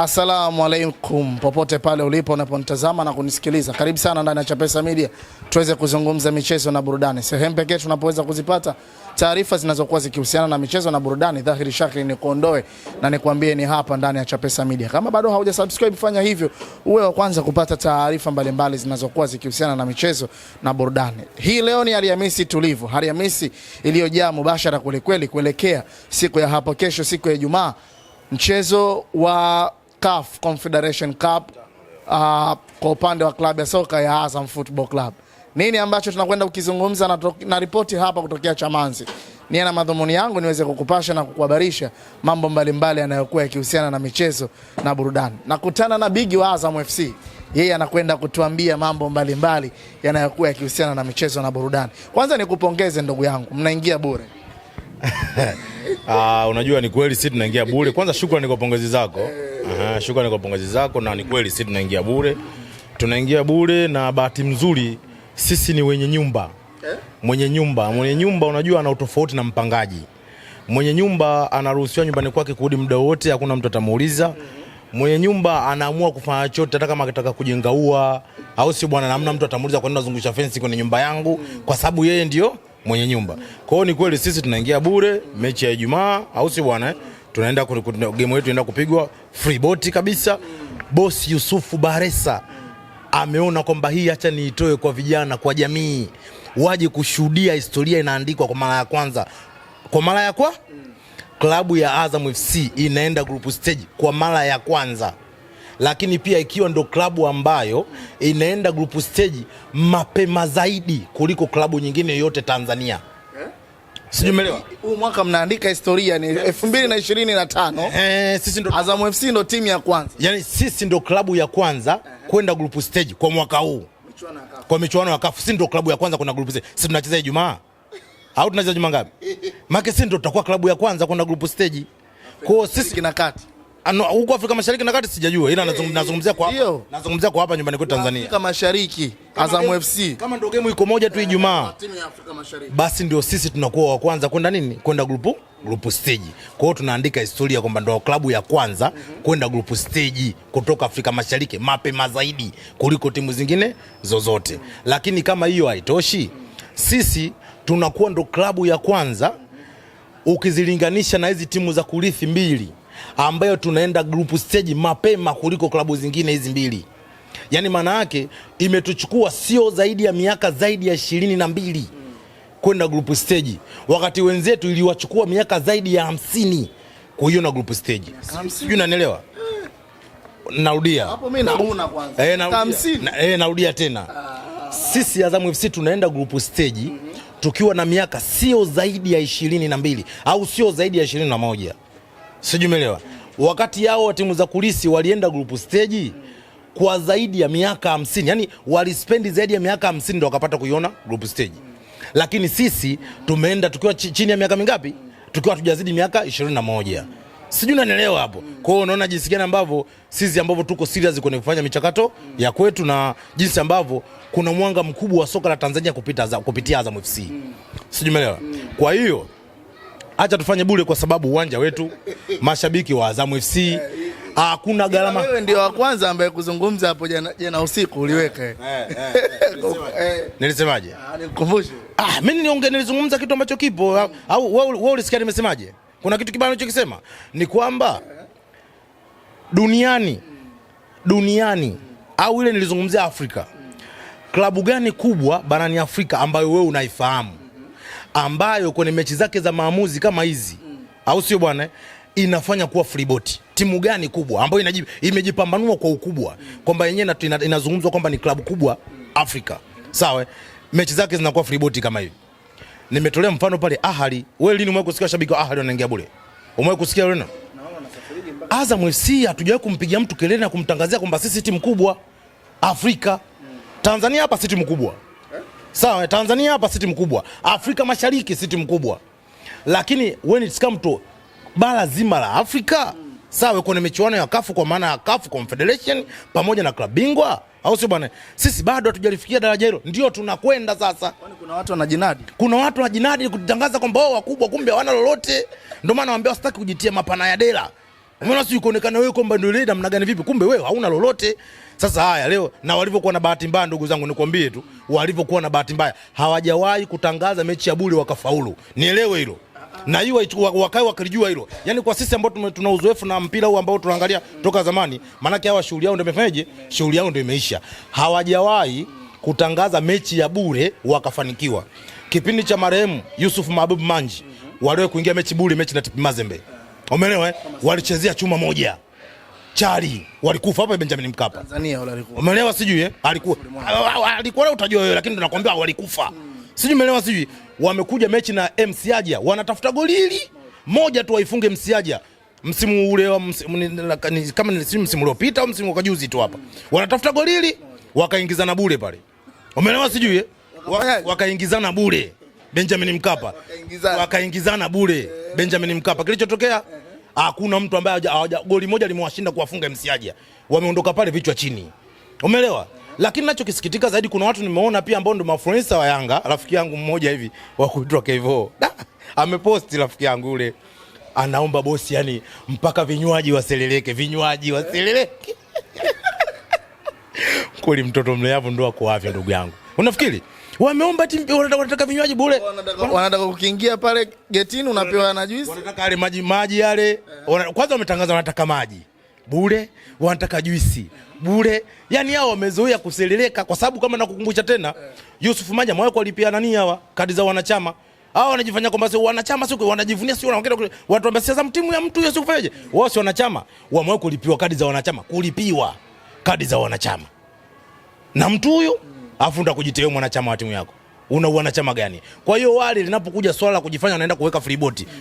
Assalamu alaikum, popote pale ulipo unaponitazama na kunisikiliza, karibu sana ndani ya Chapesa Media tuweze kuzungumza michezo na burudani, sehemu pekee tunapoweza kuzipata taarifa zinazokuwa zikihusiana na michezo na burudani. Dhahiri shakli ni kuondoe na nikwambie, ni hapa ndani ya Chapesa Media. Kama bado hauja subscribe, fanya hivyo uwe wa kwanza kupata taarifa mbalimbali zinazokuwa zikihusiana na michezo na burudani. Hii leo ni Alhamisi tulivu, Alhamisi iliyojaa mubashara kwelikweli, kuelekea siku ya hapo kesho, siku ya Ijumaa, mchezo wa CAF Confederation Cup uh, kwa upande wa klabu ya soka ya Azam Football Club. Nini ambacho tunakwenda kukizungumza na, na ripoti hapa kutokea Chamanzi? ni na madhumuni yangu niweze kukupasha na kukuhabarisha mambo mbalimbali yanayokuwa yakihusiana na michezo na burudani. Nakutana na bigi wa Azam FC, yeye anakwenda kutuambia mambo mbalimbali yanayokuwa yakihusiana na michezo na burudani. Kwanza nikupongeze ndugu yangu, mnaingia bure. Ah, unajua ni kweli sisi tunaingia bure. Kwanza shukrani kwa pongezi zako. Aha, shukrani kwa pongezi zako na ni kweli sisi tunaingia bure. Tunaingia bure na bahati mzuri sisi ni wenye nyumba. Mwenye nyumba, mwenye nyumba unajua ana utofauti na mpangaji. Mwenye nyumba anaruhusiwa nyumbani kwake kurudi muda wote, hakuna mtu atamuuliza. Mwenye nyumba anaamua kufanya chochote, hata kama akitaka kujenga ua au si bwana, namna mtu atamuuliza kwa nini unazungusha fence kwenye nyumba yangu, kwa sababu yeye ndio mwenye nyumba. Kwa hiyo ni kweli sisi tunaingia bure mechi ya Ijumaa, au si bwana eh? Tunaenda game yetu inaenda kupigwa free boti kabisa. Boss Yusufu Baresa ameona kwamba hii hacha niitoe kwa vijana, kwa jamii waje kushuhudia historia inaandikwa kwa mara ya kwanza, kwa mara ya kwa klabu ya Azam FC inaenda group stage kwa mara ya kwanza lakini pia ikiwa ndo klabu ambayo inaenda group stage mapema zaidi kuliko klabu nyingine yoyote Tanzania. Eh? Sijumelewa. Huu mwaka mnaandika historia ni 2025. Eh. eh, sisi ndo Azam FC ndo timu ya kwanza. Yaani sisi ndo klabu ya kwanza eh. kwenda group stage kwa mwaka huu. Michuano Kwa michuano ya CAF sisi ndo klabu ya kwanza kwenda group stage. Sisi tunacheza Ijumaa. Au tunacheza Jumangapi? Maana sisi ndo tutakuwa klabu ya kwanza kwenda group stage. Kwa hiyo sisi kinakati Ano, huko Afrika Mashariki na Kati sijajua ila nazungumzia kwa hapa. Nazungumzia kwa hapa nyumbani kwetu Tanzania. Afrika Mashariki, Azam FC. Kama ndio game iko moja tu eh, Ijumaa. Timu ya Afrika Mashariki. Basi ndio sisi tunakuwa wa kwanza kwenda nini? Kwenda group group stage. Kwa hiyo tunaandika historia kwamba ndio klabu ya kwanza mhm. kwenda group stage kutoka Afrika Mashariki mapema zaidi kuliko timu zingine zozote. Lakini kama hiyo haitoshi, sisi tunakuwa ndio klabu ya kwanza ukizilinganisha na hizi timu za kurithi mbili ambayo tunaenda group stage mapema kuliko klabu zingine hizi mbili. Yaani maana yake imetuchukua sio zaidi ya miaka zaidi ya ishirini na mbili kwenda group stage, wakati wenzetu iliwachukua miaka zaidi ya hamsini kuiona group stage. Sijui unanielewa? Narudia hapo mimi nauna kwanza eh, na, eh, narudia tena Sisi Azam FC tunaenda group stage mhm. tukiwa na miaka sio zaidi ya ishirini na mbili au sio zaidi ya ishirini na moja sijumelewa wakati yao wa timu za kulisi walienda group stage kwa zaidi ya miaka hamsini, yani walispendi zaidi ya miaka hamsini ndo wakapata kuiona group stage, lakini sisi tumeenda tukiwa chini ya miaka mingapi? Tukiwa hatujazidi miaka ishirini na moja. Sijui unanielewa hapo. Kwa hiyo unaona jinsi gani ambavyo sisi ambavyo tuko serious kwenye kufanya michakato ya kwetu na jinsi ambavyo kuna mwanga mkubwa wa soka la Tanzania kupita, za, kupitia Azam FC. Sijumelewa. Kwa hiyo acha tufanye bure, kwa sababu uwanja wetu, mashabiki wa Azam FC eh, hakuna gharama. Wewe ndio wa kwanza ambaye kuzungumza hapo jana, jana usiku uliweka eh, eh, nilisemaje? Nikukumbushe. Ah, ah, mimi nionge, nilizungumza kitu ambacho kipo. Au wewe wewe ulisikia nimesemaje? Kuna kitu kibaya unachokisema ni kwamba duniani duniani au ile nilizungumzia Afrika, klabu gani kubwa barani Afrika ambayo wewe unaifahamu ambayo kwenye mechi zake za maamuzi kama hizi mm. au sio bwana, inafanya kuwa freebot. Timu gani kubwa ambayo imejipambanua kwa ukubwa mm. kwamba yenyewe inazungumzwa kwamba ni klabu kubwa mm. Afrika mm. sawa, mechi zake zinakuwa freebot kama hivi. Nimetolea mfano pale Ahali. Wewe lini umewahi kusikia shabiki wa Ahali wanaingia bure? Umewahi kusikia wewe? Azam FC hatujawahi kumpigia mtu kelele na kumtangazia kwamba sisi timu kubwa Afrika. Mm. Tanzania hapa si timu kubwa Sawa, Tanzania hapa siti mkubwa Afrika Mashariki siti mkubwa, lakini when it's come to bara zima la Afrika sawa, kwenye michuano ya kafu kwa maana ya kafu Confederation pamoja na klabu bingwa, au sio bwana? Sisi bado hatujalifikia daraja hilo, ndio tunakwenda sasa. Kuna watu wanajinadi, kuna watu wanajinadi kutangaza kwamba wao wakubwa, kumbe hawana lolote. Ndio maana waambia wasitaki kujitia mapana ya dela Umeona si ukoonekana wewe kwamba ndio ile namna gani vipi, kumbe wewe hauna lolote. Sasa haya leo na walivyokuwa na bahati mbaya, ndugu zangu, nikwambie tu, walivyokuwa na bahati mbaya hawajawahi kutangaza mechi ya bure wakafaulu, nielewe hilo na hiyo wakae wakilijua hilo. Yaani kwa sisi ambao tuna uzoefu na mpira huu ambao tunaangalia toka zamani, maana maanake hawa shughuli yao ndio imefanyaje? Shughuli yao ndio imeisha. Hawajawahi kutangaza mechi ya bure wakafanikiwa. Kipindi cha marehemu Yusuf Mahbub Manji waliwe kuingia mechi bure, mechi na Tipi Mazembe Umeelewa eh? Walichezea chuma moja. Chali walikufa hapa Benjamin Mkapa. Tanzania wala alikufa. Umeelewa sijui eh? Alikuwa alikuwa leo utajua wewe lakini tunakwambia walikufa. hmm. Sijui umeelewa sijui. Wamekuja mechi na MC Aja, wanatafuta goli hili moja tu waifunge MC Aja. Msimu ule wa msimu, kama ni msimu uliopita au msimu wa juzi tu hapa. Wanatafuta goli hili wakaingizana bure pale. Umeelewa sijui eh? Wakaingizana waka bure Benjamin Mkapa. Wakaingizana waka bure Benjamin Mkapa. Kilichotokea hakuna mtu ambaye haja goli moja limewashinda kuwafunga MC Wameondoka pale vichwa chini, umeelewa? Lakini nachokisikitika zaidi, kuna watu nimeona pia ambao ndio maafluensa wa Yanga. Rafiki yangu mmoja hivi wa kuitwa Kevo ameposti, rafiki yangu yule anaomba bosi, yani mpaka vinywaji waseleleke, vinywaji waseleleke. Kweli mtoto mleavu ndo akuavya ndugu yangu. Unafikiri wameomba ati wanataka vinywaji bure, wanataka kukiingia pale getini unapewa na juisi, wanataka yale maji maji yale. Kwanza wametangaza wanataka maji bure, wanataka juisi bure. Yani hao wamezoea kuseleleka, kwa sababu kama nakukumbusha tena, eh. Yusuf Manja mwa kulipia nani hawa kadi za wanachama hao wanajifanya kwamba sio wanachama, sio wanajivunia, sio wanaongea watu wa siasa, timu ya mtu hiyo sio kufanyaje? Wao sio wanachama, wamwe kulipiwa kadi za wanachama, kulipiwa kadi za wanachama na mtu huyo afu ndo kujitetea mwanachama wa timu yako una wanachama gani? Kwa hiyo wale linapokuja swala la kujifanya wanaenda kuweka free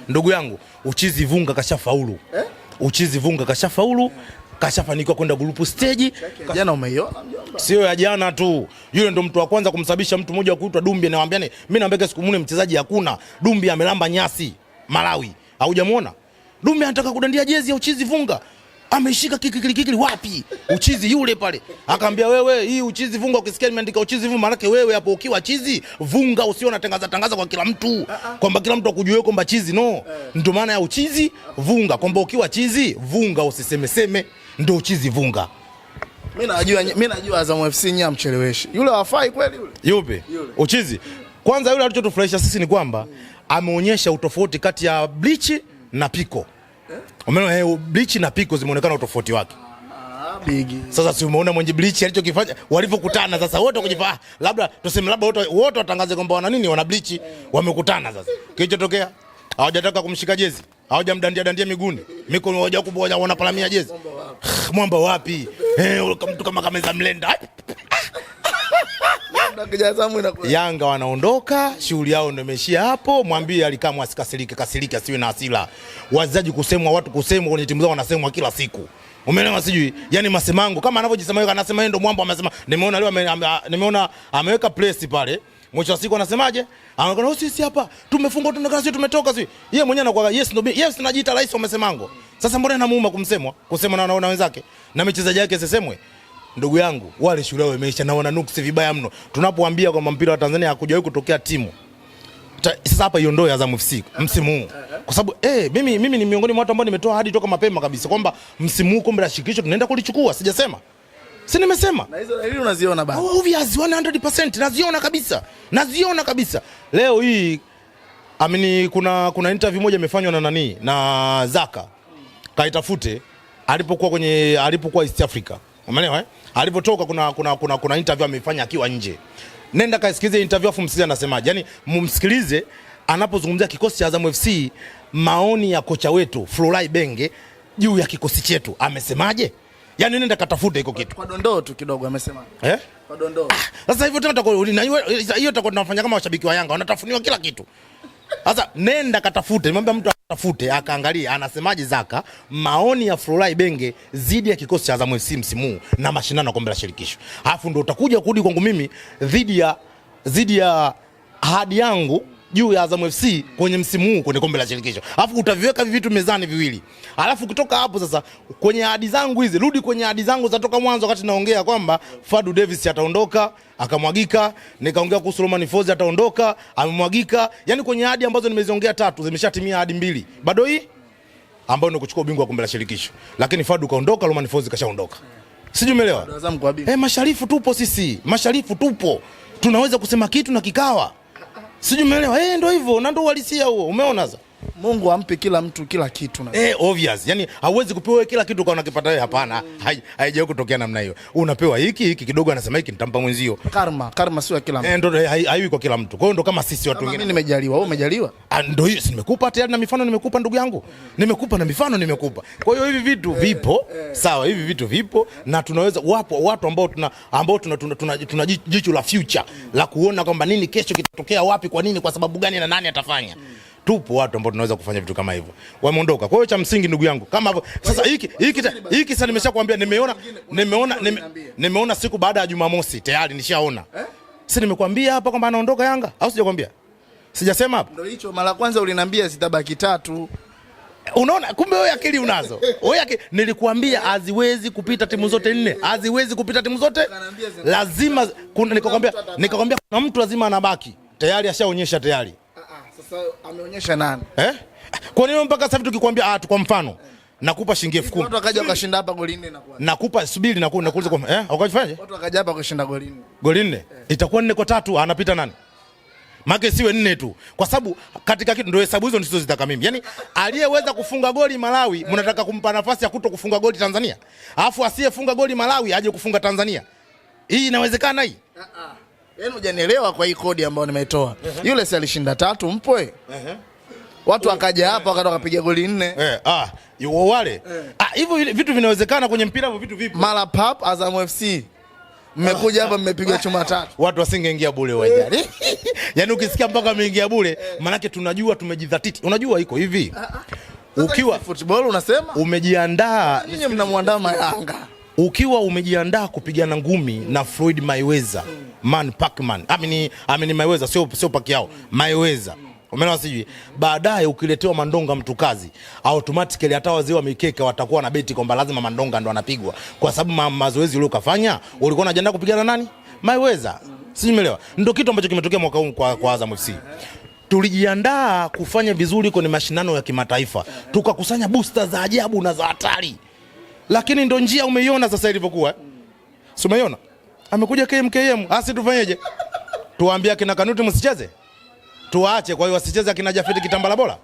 ndugu yangu, uchizi vunga kashafaulu eh? uchizi vunga kashafaulu kashafanikiwa kwenda group stage kasha... Jana umeiona sio ya jana tu, yule ndo mtu wa kwanza kumsababisha mtu mmoja wa kuitwa Dumbi. Nawaambia mimi naambia siku mune mchezaji hakuna Dumbi amelamba nyasi Malawi, haujamuona Dumbi anataka kudandia jezi ya uchizi vunga ameshika kikilikikili wapi? Uchizi yule pale akaambia, wewe hii uchizi vunga, ukisikia nimeandika uchizi vunga, maana wewe hapo ukiwa chizi vunga, usio unatangaza tangaza kwa kila mtu ah, ah. kwamba kila mtu akujue kwamba chizi no. Eh. Ndio maana ya uchizi vunga, kwamba ukiwa chizi vunga, usiseme seme, ndio uchizi vunga. Mimi najua mimi najua Azam FC nyinyi amcheleweshi yule, hafai kweli yule. Yupi uchizi? Kwanza yule alichotufurahisha sisi ni kwamba ameonyesha utofauti kati ya Bleach na Piko. Umeona eh, Bleach na piko zimeonekana utofauti wake. Ah, bigi. Sasa si umeona mwenye Bleach alichokifanya walivyokutana sasa wote ah, labda tuseme labda wote wote watangaze kwamba wana nini wana Bleach wamekutana sasa. Kilichotokea hawajataka kumshika jezi. Hawajamdandia dandia miguuni. Mikono hawajakubwa wanapalamia jezi. Ah, mwamba wapi? Eh, mtu kama kameza mlenda. Yanga wanaondoka, shughuli yao ndio imeishia hapo. Mwambie Alikamwe asikasirike, kasirike, asiwe na hasira. Wazaji kusemwa, watu kusemwa kwenye timu zao, wanasemwa kila siku. Umeelewa sijui? Yaani Masemango kama anavyojisema yeye anasema yeye ndio mwamba amesema. Nimeona leo ame, ame, nimeona ameweka place pale. Mwisho wa siku anasemaje? Anaona oh, sisi hapa tumefungwa tunakaa sisi tumetoka sisi. Yeye mwenyewe anakuwa yes ndio yes najiita rais wa Masemango. Sasa mbona anamuuma kumsemwa? Kusemwa na wanaona wenzake. Na michezaji yake sisemwe ndugu yangu, wale shule yao imeisha na wana nuksi vibaya mno. Tunapoambia kwamba mpira wa Tanzania hakujawahi kutokea timu Ta, sasa hapa iondoe Azam FC msimu huu kwa sababu eh, mimi, mimi ni miongoni mwa watu ambao nimetoa hadi toka mapema kabisa kwamba msimu huu kombe la shirikisho tunaenda kulichukua. Sijasema, si nimesema. Na hizo dalili unaziona bana, Oh, obvious 100% naziona kabisa, naziona kabisa leo hii. Amini, kuna, kuna interview moja imefanywa na nani na Zaka, kaitafute alipokuwa kwenye alipokuwa East Africa Umeelewa eh? Alipotoka kuna, kuna, kuna, kuna interview amefanya akiwa nje. Nenda kaisikize interview afu msikilize anasemaje. Yaani mumsikilize anapozungumzia kikosi cha Azam FC, maoni ya kocha wetu Florai Benge juu ya kikosi chetu amesemaje? Yaani nenda katafute hiko kitu. Kwa dondoo tu kidogo amesema. Eh? Kwa dondoo. Ah, sasa hivyo tena tutakuwa hiyo tutakuwa tunafanya kama washabiki wa Yanga wanatafuniwa kila kitu. Sasa nenda katafute, nimwambia mtu atafute akaangalie anasemaje Zaka maoni ya Florai benge dhidi ya kikosi cha Azam FC msimu na mashindano ya kombe la shirikisho, alafu ndio utakuja kurudi kwangu mimi dhidi ya dhidi ya hadi yangu juu ya Azam FC kwenye msimu huu kwenye kombe la shirikisho, alafu utaviweka vitu mezani viwili, alafu kutoka hapo sasa, kwenye ahadi zangu hizi, rudi kwenye ahadi zangu za toka mwanzo, wakati naongea kwamba Fadu Davis ataondoka akamwagika, nikaongea kuhusu Roman Fozi ataondoka amemwagika. Yani kwenye ahadi ambazo nimeziongea tatu zimeshatimia ahadi mbili, bado hii ambayo ni kuchukua ubingwa wa kombe la shirikisho, lakini Fadu kaondoka, Roman Fozi kashaondoka, sijui umeelewa eh? Masharifu tupo sisi, masharifu tupo, tunaweza kusema kitu na kikawa Sijui umeelewa? Eh, ndio hivyo na ndio uhalisia huo. Umeona sasa? Mungu ampe kila mtu kila kitu na. Eh, obvious. Yaani hauwezi kupewa kila kitu kwa unakipata wewe hapana. Mm. Haijawahi kutokea namna hiyo. Unapewa hiki hiki kidogo anasema hiki nitampa mwenzio. Karma, karma sio ya kila mtu. Eh, ndio haiwi kwa kila mtu. Kwa hiyo ndio kama sisi watu wengine. Mimi nimejaliwa, wewe umejaliwa? Ah, ndio hiyo si nimekupa tayari na mifano nimekupa ndugu yangu. Nimekupa na mifano nimekupa. Kwa hiyo hivi vitu eh, vipo, eh. sawa, hivi vitu vipo na tunaweza wapo watu ambao tuna ambao tuna tuna, tuna, tuna jicho la future la kuona kwamba nini kesho kitatokea wapi, kwa nini, kwa sababu gani na nani atafanya. Mm tupo watu ambao tunaweza kufanya vitu kama hivyo, wameondoka. Kwa hiyo cha msingi, ndugu yangu, kama hivyo sasa, hiki hiki hiki sasa, nimeshakwambia, nimeona nimeona nimeona siku baada ya Jumamosi tayari nishaona eh? Si nimekwambia hapa kwamba anaondoka Yanga au sijakwambia? Sijasema hapo. Ndio hicho mara kwanza uliniambia zitabaki tatu. Unaona, kumbe wewe akili unazo. Wewe akili nilikuambia haziwezi kupita timu zote nne, haziwezi kupita timu zote. Lazima nikakwambia, nikakwambia kuna mtu lazima anabaki. Tayari ashaonyesha tayari sasa ameonyesha nani? Eh? Kwa nini mpaka sasa tukikwambia ah, kwa mfano nakupa shilingi elfu kumi. Watu wakaja wakashinda hapa goli nne na kwa. Nakupa subiri na kuuliza kwa eh, ukajifanyaje? Watu wakaja hapa wakashinda goli nne. Goli nne? Eh. Itakuwa nne kwa tatu ah, anapita nani? Make siwe nne tu. Kwa sababu katika kitu ndio hesabu hizo ndizo zitaka mimi. Yaani aliyeweza kufunga goli Malawi eh. mnataka kumpa nafasi ya kuto kufunga goli Tanzania. Alafu asiyefunga goli Malawi aje kufunga Tanzania. Hii inawezekana hii? Uh -uh. Yaani hujanielewa kwa hii kodi ambayo nimetoa. Yule si alishinda tatu mpwe. Watu wakaja hapa wakati wakapiga goli nne. Eh, ah, yuo wale. Eh. Ah, hivyo vitu vinawezekana kwenye mpira hivyo vitu vipi? Mara pap Azam FC. Mmekuja hapa mmepigwa ah. chuma tatu. Watu wasingeingia bure wajali. Yaani ukisikia mpaka ameingia bure, eh. maanake tunajua tumejidhatiti. Unajua iko hivi. Ah, ah. Ukiwa football unasema umejiandaa. Ninyi mnamwandaa Yanga. Ukiwa umejiandaa kupigana ngumi na Floyd Mayweather. hmm man Pacman amini amini Maiweza, sio sio paki yao Maiweza, umeona sijui. Baadaye ukiletewa Mandonga mtu kazi, automatically hata wazee wa mikeka watakuwa na beti kwamba lazima Mandonga ndo anapigwa, kwa sababu ma, mazoezi uliokafanya ulikuwa unajiandaa kupigana nani? Maiweza, sijui umeelewa. Ndio kitu ambacho kimetokea mwaka huu kwa, kwa Azam FC tulijiandaa kufanya vizuri kwenye mashindano ya kimataifa, tukakusanya booster za ajabu na za hatari, lakini ndo njia umeiona sasa ilivyokuwa, eh? si umeiona amekuja KMKM, asi ah, tufanyeje? Tuwaambia kina Kanuti msicheze, tuwaache. Kwa hiyo wasicheze akina Jafeti Kitambala bora,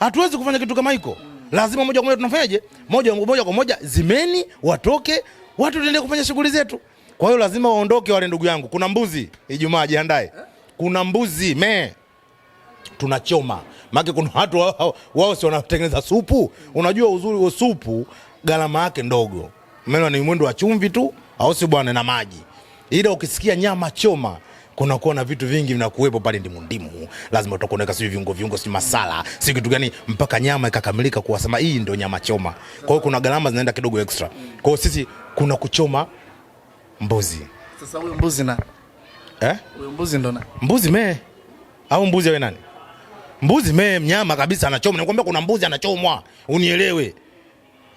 hatuwezi kufanya kitu kama hiko. Lazima moja kwa moja tunafanyaje? Moja moja kwa moja zimeni watoke watu, tuendelee kufanya shughuli zetu. Kwa hiyo lazima waondoke wale. Ndugu yangu, kuna mbuzi Ijumaa, jiandae. Kuna mbuzi me tunachoma maki. kuna watu wao, wao si wanatengeneza supu. Unajua uzuri wa supu gharama yake ndogo, maana ni mwendo wa chumvi tu, au si bwana, na maji ila ukisikia nyama choma kunakuwa na vitu vingi vinakuwepo pale, ndimu ndimu, lazima unaweka sio viungo viungo, si masala, si kitu gani, mpaka nyama ikakamilika kuwasema hii ndio nyama choma. Kwa hiyo kuna gharama zinaenda kidogo extra. Kwa hiyo sisi kuna kuchoma mbuzi. Sasa huyo mbuzi na eh, huyo mbuzi ndo na mbuzi me au mbuzi awe nani? Mbuzi me mnyama kabisa anachoma. Nakwambia kuna mbuzi anachomwa, unielewe.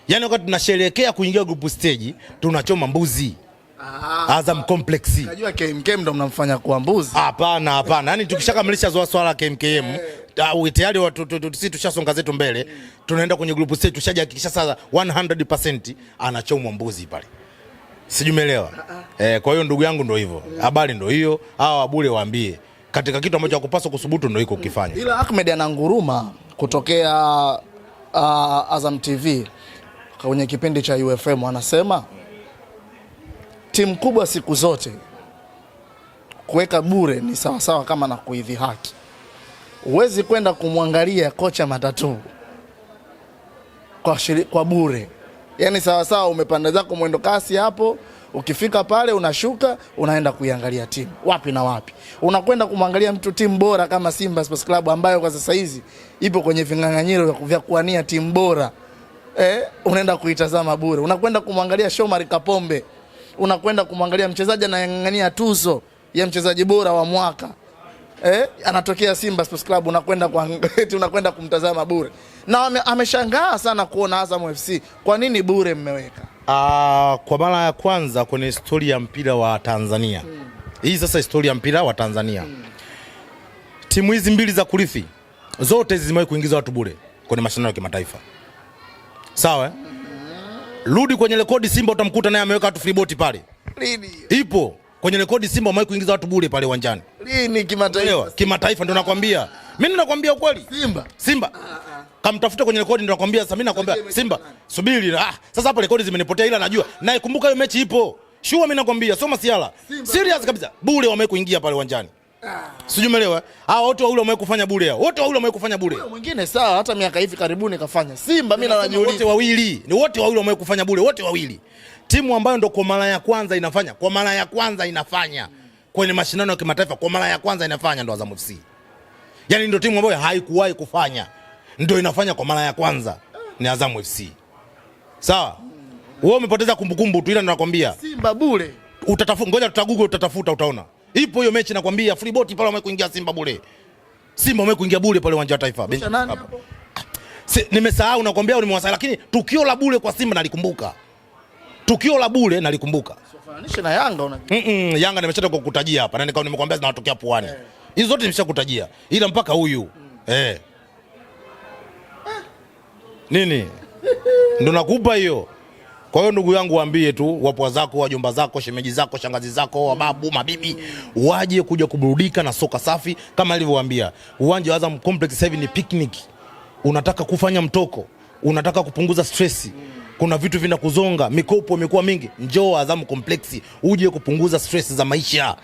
Yani wakati tunasherehekea kuingia group stage tunachoma mbuzi Ah, Azam Complex. Unajua KMK ndo mnamfanya kuwa mbuzi. Hapana, hapana. Yaani tukishakamilisha zoa swala KMKM, eh. ah, tayari watu sisi tushasonga zetu mbele, tunaenda kwenye group stage tushajihakikisha sasa 100% anachomwa mbuzi pale. Sijui umeelewa. Ah, eh, kwa hiyo ndugu yangu ndo hivyo. Eh. Habari ndo hiyo. Hawa wabule waambie katika kitu ambacho hakupaswa kusubutu ndo iko mm. kifanya. Ila Ahmed ananguruma kutokea uh, Azam TV kwenye kipindi cha UFM anasema timu kubwa siku zote kuweka bure ni sawasawa kama na kuidhi haki. Huwezi kwenda kumwangalia kocha matatu kwa, shiri, kwa bure yaani sawasawa umepanda zako mwendo kasi hapo, ukifika pale unashuka unaenda kuiangalia timu wapi na wapi. Unakwenda kumwangalia mtu timu bora kama Simba Sports Club ambayo kwa sasa hizi ipo kwenye ving'ang'anyiro vya kuwania timu bora eh, unaenda kuitazama bure. Unakwenda kumwangalia Shomari Kapombe unakwenda kumwangalia mchezaji anayang'ania tuzo ya mchezaji bora wa mwaka eh, anatokea Simba Sports Club, unakwenda kwa unakwenda kumtazama bure, na ameshangaa sana kuona Azam FC. Kwa nini bure mmeweka? Aa, ah, kwa mara ya kwanza kwenye historia ya mpira wa Tanzania hmm. Hii sasa historia ya mpira wa Tanzania hmm. Timu hizi mbili za kurithi zote zimewahi kuingiza watu bure kwenye mashindano ya kimataifa, sawa? Eh? Rudi kwenye rekodi Simba utamkuta naye ameweka watu freeboti pale. Lini? Ipo. Kwenye rekodi Simba wamewahi kuingiza watu bure pale uwanjani. Lini kimataifa? Kimataifa ndio nakwambia. Mimi nakwambia ukweli. Simba. Simba. Ah, ah. Kamtafuta kwenye rekodi ndio nakwambia sasa mimi nakwambia Simba. Subiri. Ah, sasa hapo rekodi zimenipotea ila najua. Naikumbuka hiyo mechi ipo. Shua mimi nakwambia sio masiala. Serious kabisa. Bure wamewahi kuingia pale uwanjani. Sijui umeelewa? Hao wote wawili wamewahi kufanya bure hao. Wote wawili wamewahi kufanya bure. Wao Mwingine sawa hata miaka hivi karibuni kafanya. Simba mimi najiuliza. Wote wawili. Ni wote wawili wamewahi kufanya bure, wote wawili. Timu ambayo ndo kwa mara ya kwanza inafanya, kwa mara ya kwanza inafanya kwenye mashindano ya kimataifa kwa mara ya kwanza inafanya ndo Azam FC. Yaani ndo timu ambayo haikuwahi kufanya ndo inafanya kwa mara ya kwanza ni Azam FC. Sawa? Wewe umepoteza kumbukumbu tu ila ninakwambia. Simba bure. Utatafuta, ngoja tutagugo, utatafuta utaona. Ipo hiyo mechi nakwambia, free boat pale wamekuingia Simba bure. Simba wamekuingia bure pale uwanja wa Taifa. Si, nimesahau nakwambia, nimewasahau lakini tukio la bure kwa Simba nalikumbuka. Tukio la bure nalikumbuka. Sifananishe na Yanga unajua. Mm -mm, Yanga nimeshatoka kukutajia hapa na nikao nimekwambia zinatokea puani eh. Hizo hey, zote nimeshakutajia. Ila mpaka huyu. Mm. Eh. Ah. Nini? Ndio nakupa hiyo. Kwa hiyo ndugu yangu, waambie tu wapwa zako, wajomba zako, shemeji zako, shangazi zako, wababu, mabibi waje kuja kuburudika na soka safi kama ilivyowaambia. Uwanja wa Azam Complex sasa hivi ni picnic. Unataka kufanya mtoko, unataka kupunguza stresi kuna vitu vinakuzonga, mikopo imekuwa mingi. Njoo Azam Complex uje kupunguza stress za maisha,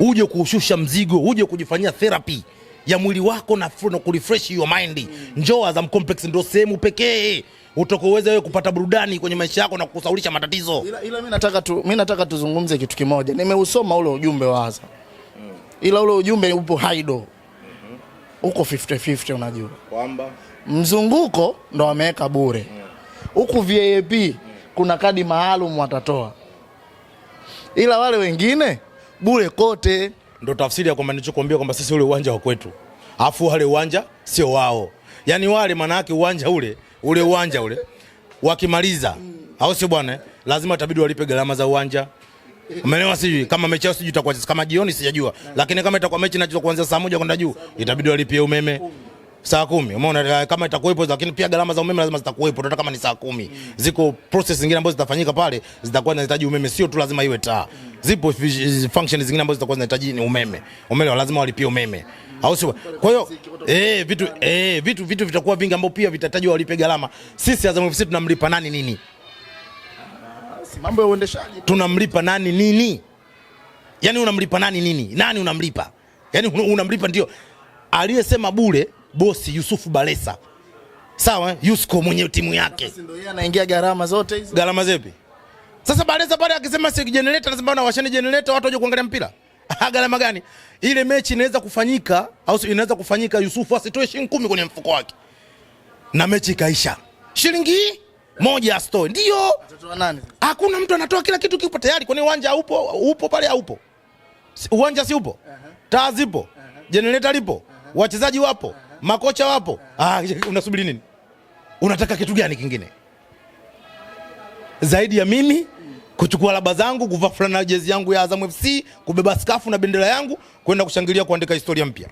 uje kushusha mzigo, uje kujifanyia therapy ya mwili wako na, na kurefresh your mind. Njoo Azam Complex ndio sehemu pekee utakoweza wewe kupata burudani kwenye maisha yako na kusaulisha matatizo. Ila, ila mimi nataka tu, mimi nataka tuzungumze kitu kimoja. Nimeusoma ule ujumbe wa Azam, ila ule ujumbe upo haido huko 50-50, unajua kwamba mzunguko ndo wameweka bure huku mm. VIP kuna kadi maalum watatoa, ila wale wengine bure kote ndo tafsiri ya kwamba nilichokuambia kwamba sisi ule uwanja wa kwetu, afu wale uwanja sio wao. Yani wale maana yake uwanja ule ule uwanja ule wakimaliza, au sio bwana, eh? lazima itabidi walipe gharama za uwanja. Umeelewa? Sijui kama mechi yao sijui itakuwa kama jioni, sijajua, lakini kama itakuwa mechi inacheza kuanzia saa moja kwenda juu, itabidi walipie umeme saa kumi. Umeona eh, kama itakuwepo, lakini pia gharama za umeme lazima zitakuwepo, hata kama ni saa kumi. Mm. Ziko process zingine ambazo zitafanyika pale, zitakuwa zinahitaji umeme, sio tu lazima iwe taa. Mm. Zipo function zingine ambazo zitakuwa zinahitaji ni umeme, umeme lazima walipie umeme au sio? Kwa hiyo eh, vitu eh, vitu vitu vitakuwa vingi ambao pia vitahitaji walipe gharama. Sisi Azam FC tunamlipa nani nini? Mambo ya uendeshaji tunamlipa nani nini? Yani unamlipa nani nini? Nani unamlipa? Yani unamlipa ndio aliyesema bure bosi Yusufu Balesa, sawa, Yusko mwenye timu yake, Sasa ndio yeye anaingia gharama zote hizo? Gharama zipi? Sasa Balesa pale akisema si generator, lazima na washeni generator, watu waje kuangalia mpira ah, gharama gani? Ile mechi inaweza kufanyika au inaweza kufanyika, Yusufu asitoe shilingi 10 kwenye mfuko wake na mechi ikaisha, shilingi moja ya store. Ndio Atatoa nani? hakuna mtu anatoa, kila kitu kipo tayari kwenye uwanja. Upo upo pale, au upo? uwanja, si upo, Uh -huh. taa zipo, Uh -huh. generator lipo, Uh -huh. wachezaji wapo. Uh -huh makocha wapo. Ah, unasubiri nini? Unataka kitu gani kingine zaidi ya mimi kuchukua laba zangu, kuvaa fulana jezi yangu ya Azam FC, kubeba skafu na bendera yangu, kwenda kushangilia, kuandika historia mpya?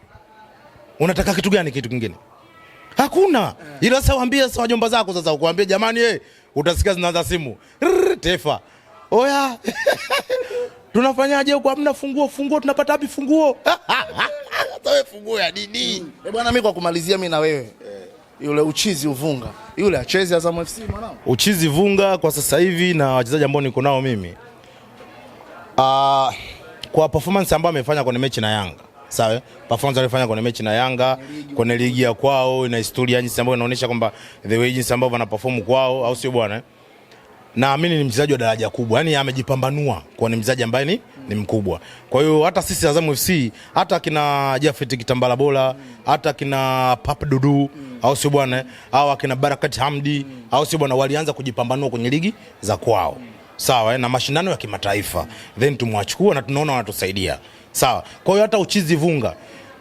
Unataka kitu gani kitu kingine? Hakuna. Eh. Ila sasa waambie sasa wajomba zako sasa, ukwambie jamani, eh, utasikia zinaanza simu Rrr, tefa oya tunafanyaje huko? Hamna funguo, funguo tunapata wapi funguo? hata wewe funguo ya dini mm. Eh bwana, mimi kwa kumalizia mimi na wewe eh. Yule uchizi uvunga yule acheze Azam FC mwanangu, uchizi vunga kwa sasa hivi na wachezaji ambao niko nao mimi ah uh, kwa performance ambayo amefanya kwenye mechi na Yanga sawa, eh? performance aliyofanya kwenye mechi na Yanga kwenye ligi ya kwao, ina historia nyingi ambayo inaonyesha kwamba the way jinsi ambao wanaperform kwao, au sio bwana? Eh? Naamini ni mchezaji wa daraja kubwa, Yaani amejipambanua kwa ni mchezaji ambaye ni ni mkubwa. Kwa hiyo hata sisi Azam FC, hata kina Jafet Kitambala Bola, hata kina Pap Dudu, au sio bwana, au akina Barakat Hamdi, au sio bwana, walianza kujipambanua kwenye ligi za kwao. Sawa, eh, na mashindano ya kimataifa. Then tumwachukua na tunaona wanatusaidia. Sawa. Kwa hiyo hata uchizi vunga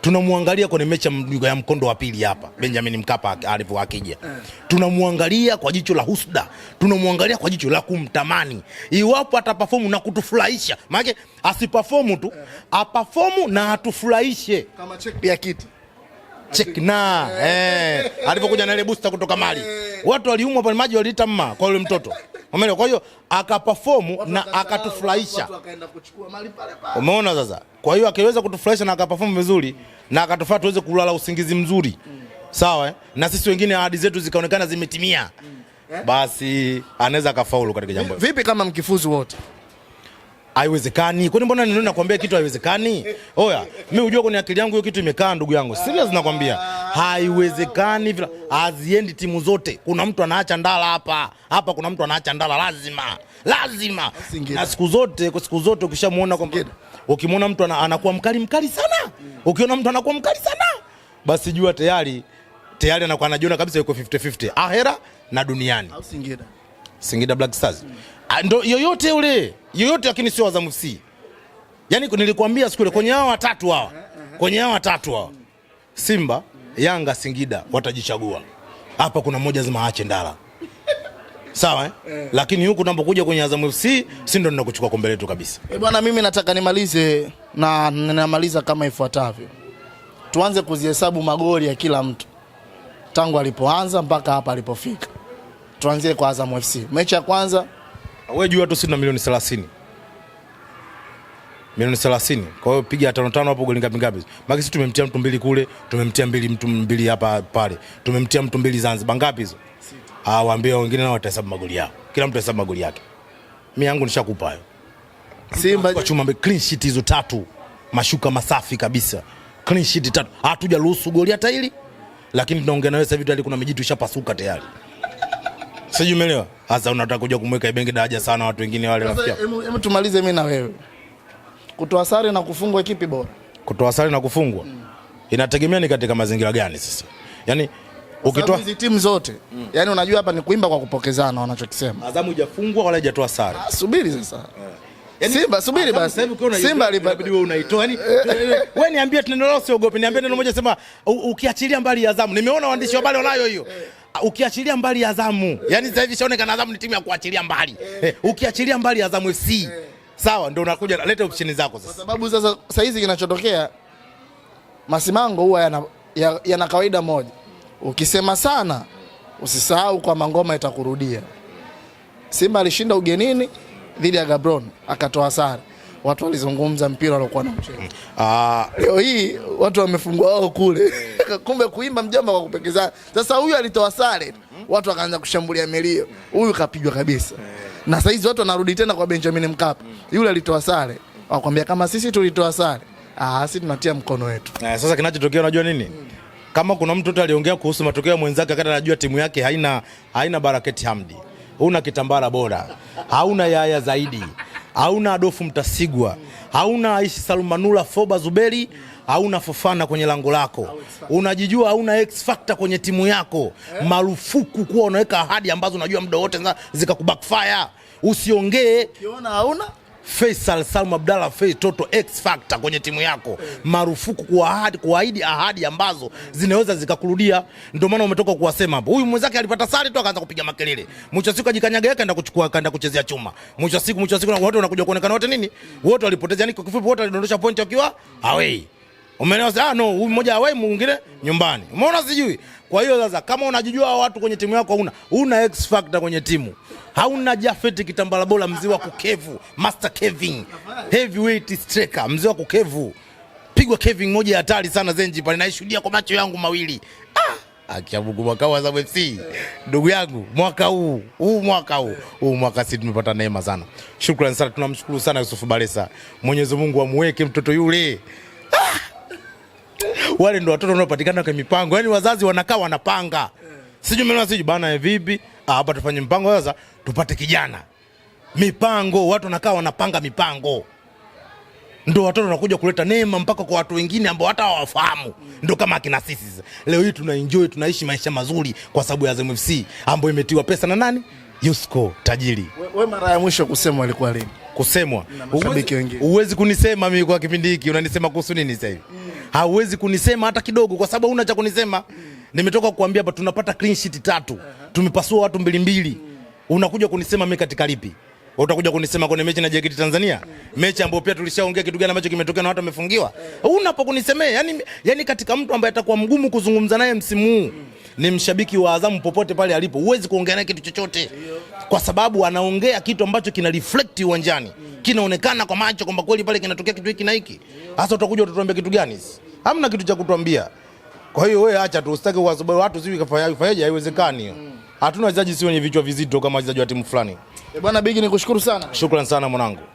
tunamwangalia kwenye mechi ya mkondo wa pili hapa Benjamin Mkapa alivyo akija, tunamwangalia kwa jicho la husda, tunamwangalia kwa jicho la kumtamani iwapo ataperform na kutufurahisha. Maana asiperform tu eh. aperform na atufurahishe kama check ya kiti check na eh, alipokuja na ile booster kutoka Mali, watu waliumwa pale, maji waliita mma kwa yule mtoto, umeona. Kwa hiyo akaperform na akatufurahisha, umeona sasa. Kwa hiyo akiweza kutufurahisha na akaperform vizuri na akatufaa tuweze kulala usingizi mzuri, sawa eh? na sisi wengine ahadi zetu zikaonekana zimetimia, mm. basi anaweza akafaulu katika jambo. Vipi kama mkifuzu wote? haiwezekani. Kwani mbona nini nakwambia kitu haiwezekani? Oya, mi hujua kwenye akili yangu hiyo kitu imekaa ndugu yangu. Serious nakwambia. Haiwezekani vile haziendi timu zote. Kuna mtu anaacha ndala hapa. Hapa kuna mtu anaacha ndala lazima. Lazima. Na siku zote kwa siku zote ukishamuona kwamba ukimuona mtu anakuwa mkali mkali sana. Ukiona mtu anakuwa mkali sana, basi jua tayari tayari anakuwa anajiona kabisa yuko 50-50. Ahera na duniani. Singida. Singida Black Stars. Ah, ndo yoyote ule yoyote, lakini sio Azam FC. Yaani nilikwambia siku ile kwenye hao watatu hao, kwenye hao watatu hao, Simba, Yanga, Singida watajichagua hapa. Kuna mmoja lazima aache ndala, sawa eh? eh. Lakini huku tunapokuja kwenye Azam FC, si ndo tunakuchukua kombe letu kabisa. E bwana, mimi nataka nimalize na ninamaliza kama ifuatavyo. Tuanze kuzihesabu magoli ya kila mtu tangu alipoanza mpaka hapa alipofika. Tuanzie kwa Azam FC, mechi ya kwanza wewe jua tu sina milioni 30. Milioni 30. Kwa hiyo piga tano tano hapo goli ngapi ngapi? Maana sisi tumemtia mtu mbili kule, tumemtia mbili mtu mbili hapa pale. Tumemtia mtu mbili Zanzibar ngapi hizo? Ah, waambie wengine nao watahesabu magoli yao. Kila mtu ahesabu magoli yake. Mimi yangu nishakupa hayo. Simba kwa chuma clean sheet hizo tatu. Mashuka masafi kabisa. Clean sheet tatu. Hatujaruhusu goli hata hili. Lakini tunaongea na wewe sasa hivi tayari kuna mijitu ishapasuka tayari. Sijui umeelewa? Sasa unataka kuja kumweka Ibenge daraja sana watu wengine wale rafiki yako. Hebu tumalize mimi na wewe. Kutoa sare na kufungwa kipi bora? Kutoa sare na kufungwa. Mm. Inategemea ni katika mazingira gani sasa. Yaani ukitoa hizi timu zote, mm. Yaani unajua hapa ni kuimba kwa kupokezana wanachokisema. Azamu hujafungwa wala hajatoa sare. Ah, subiri sasa. Yeah. Yani, Simba subiri basi. Simba alibidi wewe unaitoa. Yaani eh. wewe niambie tendo lao siogopi. Niambie neno moja sema ukiachilia mbali Azamu. Nimeona waandishi wa habari wanayo hiyo. Eh ukiachilia mbali Azamu, yani sasa hivi shaonekana Azamu ni timu ya kuachilia mbali eh. eh ukiachilia mbali Azamu FC eh. Sawa, ndio unakuja leta option zako sasa, kwa sababu sasa hizi kinachotokea masimango huwa yana, yana kawaida moja, ukisema sana usisahau kwamba ngoma itakurudia. Simba alishinda ugenini dhidi ya Gabron akatoa sare watu walizungumza mpira waliokuwa na mchezo. Ah, leo hii watu wamefungwa wao kule kumbe kuimba mjomba kwa kupekezana. Sasa huyu alitoa sare, watu wakaanza kushambulia milio, huyu kapigwa kabisa. Na sasa watu wanarudi tena kwa Benjamin Mkapa, yule alitoa sare, wakwambia kama sisi tulitoa sare, ah, sisi tunatia mkono wetu. Eh, sasa kinachotokea unajua nini? Kama kuna mtu aliongea kuhusu matokeo ya mwenzake akati anajua timu yake haina haina Baraketi Hamdi, huna kitambara bora, hauna yaya zaidi hauna Adolfu Mtasigwa, hauna Aishi Salumanula, Foba Zuberi, hauna Fofana kwenye lango lako, unajijua hauna X factor kwenye timu yako. Eh? Marufuku kuwa unaweka ahadi ambazo unajua muda wote zikakubackfire. Usiongee ukiona hauna Faisal Salum Abdalla Fei Toto X Factor kwenye timu yako, marufuku kuahidi kuahidi ahadi ambazo zinaweza zikakurudia. Ndio maana umetoka kuwasema hapo, huyu mwenzake alipata sare tu akaanza kupiga makelele, mwisho siku ajikanyaga yake akaenda kuchukua kaenda kuchezea chuma, mwisho siku mwisho siku watu wanakuja kuonekana wote nini, wote walipoteza. Yani kwa kifupi, wote walidondosha pointi wakiwa away. Umeelewa? Ah, no, huyu mmoja away, mwingine nyumbani. Umeona sijui. Kwa hiyo sasa, kama unajijua watu kwenye timu yako, una una X Factor kwenye timu hauna Jafet Kitambala Bola, mzee wa kukevu, master Kevin, heavyweight striker, mzee wa kukevu, pigwa Kevin moja hatari sana Zenji pale, naishuhudia kwa macho yangu mawili ah! akiabugu mwaka wa Azam FC ndugu yangu, mwaka huu huu mwaka huu huu mwaka si tumepata neema sana. Shukrani sana, tunamshukuru sana Yusuf Balesa. Mwenyezi Mungu amweke mtoto yule. Ah! wale ndio watoto wanaopatikana kwa mipango, yani wazazi wanakaa wanapanga, sijui mimi sijui bana, eh, vipi Ah, hapa tufanye mpango sasa, tupate kijana mipango. Watu wanakaa wanapanga mipango, ndo watoto wanakuja kuleta neema mpaka kwa watu wengine ambao hata hawafahamu. Ndo kama akina sisi leo hii tuna enjoy, tunaishi maisha mazuri kwa sababu ya Azam FC ambayo imetiwa pesa na nani, Yusko tajiri. Wewe mara ya mwisho kusema alikuwa lini? kusemwa. Huwezi kunisema mimi kwa kipindi hiki, unanisema kuhusu nini sasa hivi? Mm. Hauwezi kunisema hata kidogo, kwa sababu una cha kunisema. Mm. Nimetoka kukuambia hapa tunapata clean sheet tatu. Tumepasua watu mbili mbili. Mm. Unakuja kunisema mimi katika lipi? Utakuja kunisema kwenye mechi na JKT Tanzania, mechi ambayo pia tulishaongea kitu gani ambacho kimetokea na watu wamefungiwa. Unapokunisemea yani, yani katika mtu ambaye atakuwa mgumu kuzungumza naye msimu huu ni mshabiki wa Azamu popote pale alipo, huwezi kuongea naye kitu chochote, kwa sababu anaongea kitu ambacho kina reflect uwanjani, kinaonekana kwa macho kwamba kweli pale kinatokea kitu hiki na hiki. Sasa utakuja utatuambia kitu gani? Hamna kitu cha kutuambia. Kwa hiyo wewe acha tu, usitaki kuwasubiri watu Kafanya kafanyaje, haiwezekani hiyo. Hatuna wachezaji si wenye vichwa vizito kama wachezaji wa timu fulani. Eh, bwana Bigi, nikushukuru sana. Shukrani sana mwanangu.